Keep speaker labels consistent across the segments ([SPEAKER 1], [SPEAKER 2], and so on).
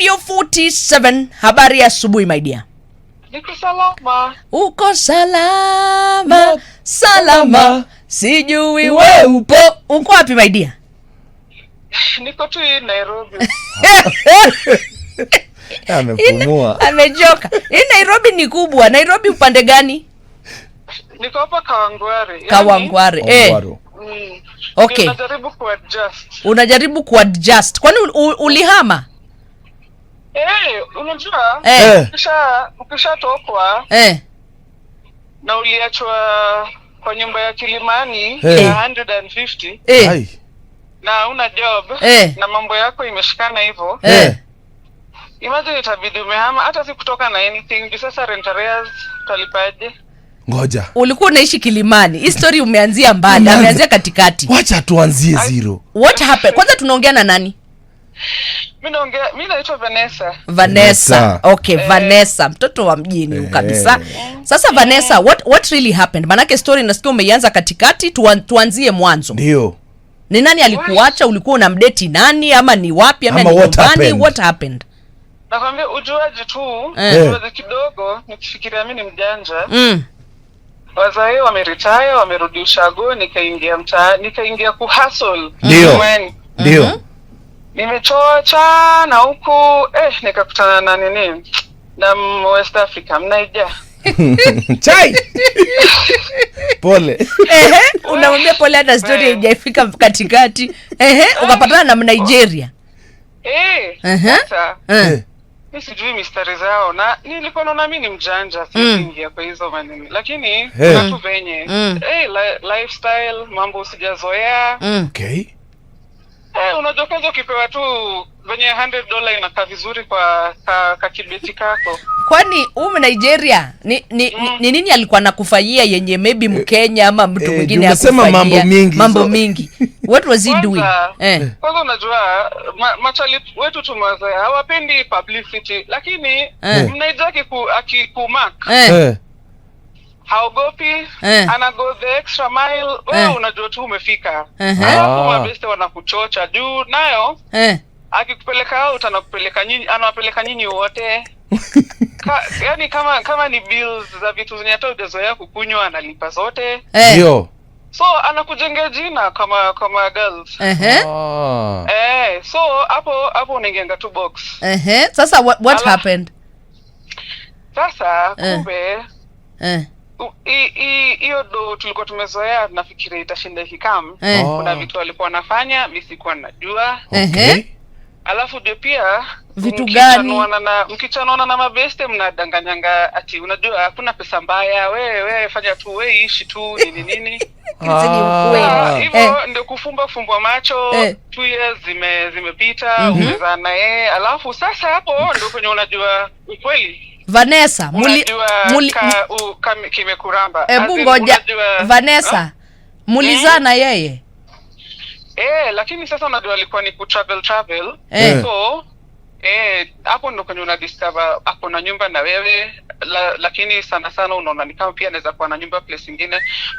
[SPEAKER 1] Radio 47 habari ya asubuhi my dear.
[SPEAKER 2] Niko salama.
[SPEAKER 1] Uko salama. No. Salama. Sijui we upo. Uko wapi my dear?
[SPEAKER 2] Niko tu Nairobi.
[SPEAKER 1] Amepumua. Amejoka. Hii Nairobi ni kubwa. Nairobi upande gani?
[SPEAKER 2] Niko hapa Kawangware.
[SPEAKER 1] Kawangware. Eh. Mm.
[SPEAKER 2] Okay. Unajaribu kuadjust.
[SPEAKER 1] Unajaribu kuadjust. Kwani ulihama?
[SPEAKER 2] Eh, unajua eh. ukishatokwa eh. na uliachwa kwa nyumba ya Kilimani eh. ya 150 na una job na mambo yako imeshikana hivyo eh, imagine itabidi umehama, hata si kutoka na anything juu sasa rent arrears utalipaje?
[SPEAKER 1] Ngoja, ulikuwa unaishi Kilimani. Hii story umeanzia mbali, ameanzia katikati. Wacha tuanzie zero. What happened? Kwanza tunaongea na nani? Vanessa. Okay, eh. Vanessa mtoto wa mjini eh. Kabisa. Sasa eh. Vanessa, what what really happened? Maanake story nasikia umeianza katikati, tuan, tuanzie mwanzo. Ndio. Ni nani alikuacha? Ulikuwa una unamdeti nani ama ni wapi ama, ama ni what happened? What happened?
[SPEAKER 2] Nakwambia ujuaji tu, eh. ujuaji kidogo, nikifikiria mimi ni mjanja. Mm. Wazae wameretire, wamerudi ushago, nikaingia mtaa, nikaingia kuhustle.
[SPEAKER 1] Ndio. Ndio. Mm-hmm
[SPEAKER 2] na huku eh, nikakutana na nini na West Africa mnaija
[SPEAKER 1] chai pole ehe, unamwambia pole, hata stori eh. haijafika katikati ehe, ukapatana na Mnigeria eh, eh. eh,
[SPEAKER 2] mi sijui mistari zao na nilikuwa naona mi ni mjanja siingia mm. kwa hizo manini, lakini hey. watu venye mm. hey, lifestyle mambo sijazoea
[SPEAKER 1] mm. okay.
[SPEAKER 2] Eh, unajua kwanza ukipewa tu venye 100 dola inakaa vizuri kwa ka, ka kibeti kako.
[SPEAKER 1] Kwani huyu Nigeria ni ni, mm. ni nini alikuwa anakufanyia yenye maybe eh, Mkenya ama mtu eh, mwingine eh, akufanyia mambo mingi mambo so. mingi what was he doing
[SPEAKER 2] eh? Kwanza unajua ma, machali wetu tumaze hawapendi publicity, lakini eh. Mnaijaki akiku akikumaka eh. eh haogopi eh. Ana go the extra mile wewe eh. Unajua tu umefika eh. Alafu mabeste ah. wanakuchocha juu nayo eh. Akikupeleka out anakupeleka nyinyi, anawapeleka nyinyi wote Ka, yani kama kama ni bills za vitu zenye hata ujazoea kukunywa analipa zote eh. Yo So anakujengea jina kama kama girls uh -huh. oh. eh, so hapo hapo unaingianga tu box
[SPEAKER 1] uh -huh. Sasa what, what Ala, happened
[SPEAKER 2] sasa uh. kumbe uh. Eh hiyo do tulikuwa tumezoea, nafikiri itashinda ikikam. Eh. Kuna oh. vitu walikuwa wanafanya mi sikuwa najua. Eh. Okay. Eh. Alafu ndio pia
[SPEAKER 1] vitu gani
[SPEAKER 2] mkichanaona na mabeste mnadanganyanga ati unajua hakuna pesa mbaya, we we fanya tu we ishi tu nini nini
[SPEAKER 1] ah. Ah,
[SPEAKER 2] eh. hivyo ndio kufumba fumbwa macho eh. Two years zime zimepita, mm -hmm. Umezaa na yeye, alafu sasa hapo ndio kwenye unajua
[SPEAKER 1] ukweli Vanessa, muli, muli, ka, u, kimekuramba. Ebu eh, ngoja Vanessa, mulizana eh? Yeye
[SPEAKER 2] eh, lakini sasa unajua alikuwa ni ku travel travel eh. So eh hapo ndo kwenye una discover ako na nyumba na wewe la, lakini sana sana unaona ni kama pia anaweza kuwa na nyumba place nyingine,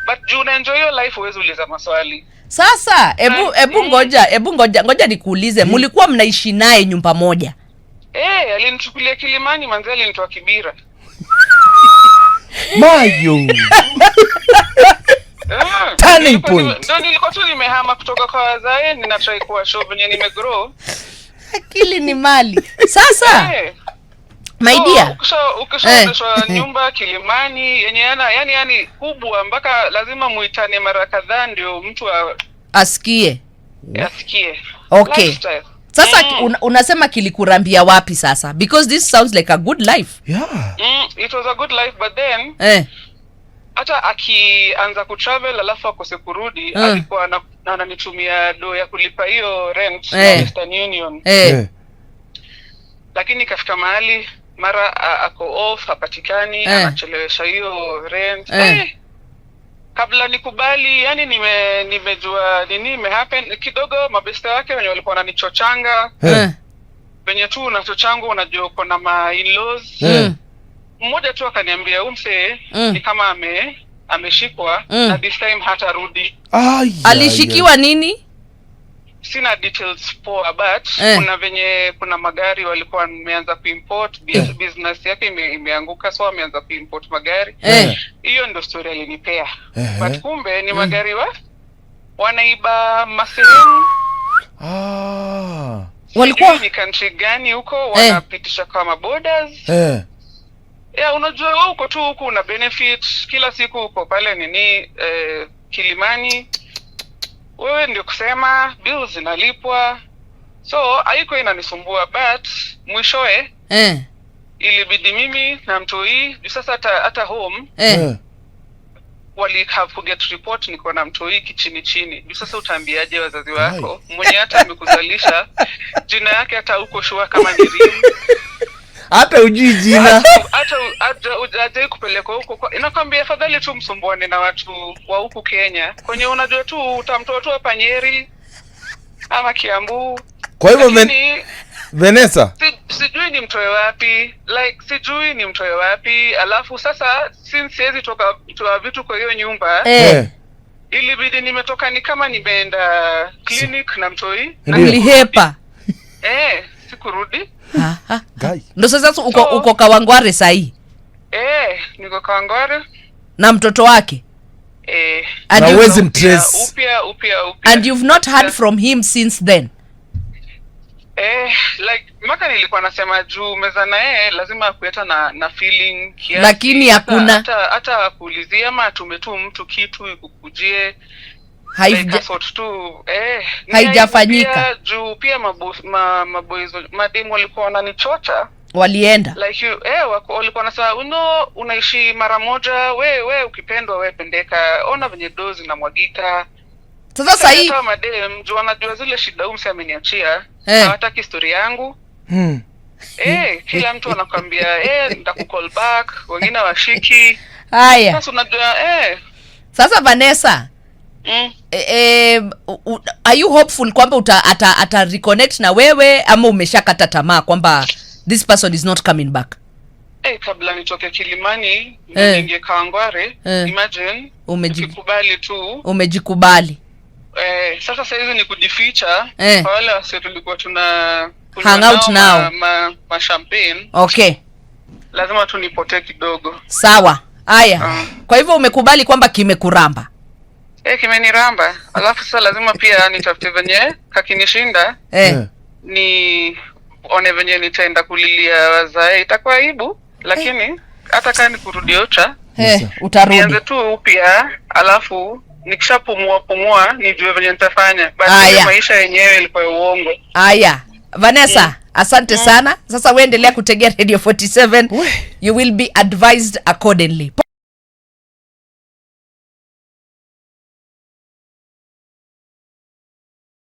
[SPEAKER 2] but juu unaenjoy your life huwezi uliza maswali.
[SPEAKER 1] Sasa ebu ebu mm. ngoja ebu ngoja ngoja nikuulize, mm. mulikuwa mnaishi naye nyumba moja
[SPEAKER 2] Eh, alinichukulia Kilimani manzi, alinitoa Kibira
[SPEAKER 1] mayo eh, Tani point.
[SPEAKER 2] Ndio nilikuwa tu nimehama kutoka kwa wazae, ninatrai kuwa show venye grow.
[SPEAKER 1] Akili ni mali sasa eh. My oh, dear,
[SPEAKER 2] ukishaendeshwa eh. nyumba Kilimani yenye yana yani yani kubwa mpaka lazima muitane mara kadhaa ndio mtu
[SPEAKER 1] asikie asikie. Okay. Lifestyle. Sasa mm. Eh. un, unasema kilikurambia wapi sasa? Because this sounds like a good life. Yeah.
[SPEAKER 2] Mm, it was a good life but then eh. Hata akianza kutravel alafu akose kurudi uh. alikuwa ananitumia do ya kulipa hiyo rent eh. Western Union. Eh. Eh. Lakini ikafika mahali mara ako off hapatikani eh. Anachelewesha hiyo rent. Eh. Eh kabla nikubali, yani nime nimejua nini happen kidogo, mabeste wake wenye walikuwa wananichochanga hey. Eh. Eh. tu unachochanga unajua uko na ma in-laws hey. Eh. Mmoja tu akaniambia huyu Ni kama ame ameshikwa hey. Na this time hata rudi.
[SPEAKER 1] Ah, yeah, alishikiwa yeah. Nini?
[SPEAKER 2] sina details poa but eh, kuna venye kuna magari walikuwa wameanza kuimport eh, business yake ime, imeanguka so wameanza kuimport magari eh. hiyo eh, ndo story alinipea eh, but kumbe ni mm. magari wa wanaiba masehemu
[SPEAKER 1] ah. Walikuwa
[SPEAKER 2] ni country gani huko wanapitisha eh, kama borders eh. Yeah, unajua uko tu huku una benefit kila siku uko pale nini eh, Kilimani wewe ndio kusema bills zinalipwa, so haiko inanisumbua, but mwishoe eh, ilibidi mimi na hii juu sasa hata hata home eh. eh, wali have to get report, niko na hii kichini chini juu sasa utaambiaje wazazi wako mwenye hata amekuzalisha jina yake hata uko shua kama ni
[SPEAKER 1] hata ujui jina
[SPEAKER 2] hata kupelekwa huko, inakwambia afadhali tu msumbuane na watu wa huku Kenya kwenye unajua tu utamtoa tu hapa Nyeri ama Kiambu.
[SPEAKER 1] Kwa hivyo Lakini, Vanessa
[SPEAKER 2] sijui ni mtoe wapi like sijui ni mtoe wapi alafu sasa since siwezi toka toa vitu kwa hiyo nyumba eh. eh. Ilibidi nimetoka ni kama nimeenda clinic na mtoi
[SPEAKER 1] na nilihepa
[SPEAKER 2] eh sikurudi
[SPEAKER 1] ndo sasa uko, so, oh. uko Kawangware sahii
[SPEAKER 2] eh, niko Kawangware
[SPEAKER 1] na mtoto wake eh, and, na uwezi mtrace upya and you've not heard yeah. from him since then
[SPEAKER 2] eh, like maka nilikuwa nasema juu meza na yeye lazima akueta na na feeling
[SPEAKER 1] kiasi, lakini hakuna
[SPEAKER 2] hata kuulizia ama tumetu mtu kitu ikukujie Eh,
[SPEAKER 1] haijafanyika
[SPEAKER 2] juu pia maboys mademu walikuwa wananichocha
[SPEAKER 1] walienda
[SPEAKER 2] like you, eh, wako, walikuwa wanasema uno unaishi mara moja we we ukipendwa we pendeka, ona venye do zinamwagika.
[SPEAKER 1] Sasa sahi madem juu anajua zile shida umse ameniachia eh, hawataki
[SPEAKER 2] stori yangu hmm. Eh, kila mtu anakwambia eh, nitakukall back, wengine washiki. Haya sasa unajua eh.
[SPEAKER 1] Sasa Vanessa Eh. Eh, eh, are you hopeful kwamba uta, ata, ata reconnect na wewe ama umeshakata tamaa kwamba this person is not coming back?
[SPEAKER 2] Eh, kabla nitoke Kilimani eh, ninge Kawangware eh, imagine
[SPEAKER 1] umejikubali tu umejikubali.
[SPEAKER 2] Eh, sasa saa hizi ni kujificha eh, kwa wale wasio tulikuwa tuna
[SPEAKER 1] hang out now ma,
[SPEAKER 2] ma, ma champagne. Okay, lazima tunipotee kidogo.
[SPEAKER 1] Sawa haya, uh. Kwa hivyo umekubali kwamba kimekuramba
[SPEAKER 2] eh, kimeniramba. Alafu sasa lazima pia nitafute venye kakinishinda eh. eh, ni one venye nitaenda kulilia wazae, itakuwa aibu, lakini hata kama nikurudi ocha
[SPEAKER 1] eh, utarudi, nianze tu upya
[SPEAKER 2] alafu nikishapumua pumua nijue venye nitafanya,
[SPEAKER 1] basi maisha yenyewe ilikuwa uongo. Aya. Vanessa yeah. Mm. Asante mm. sana. Sasa uendelea kutegea Radio 47 You will be advised accordingly.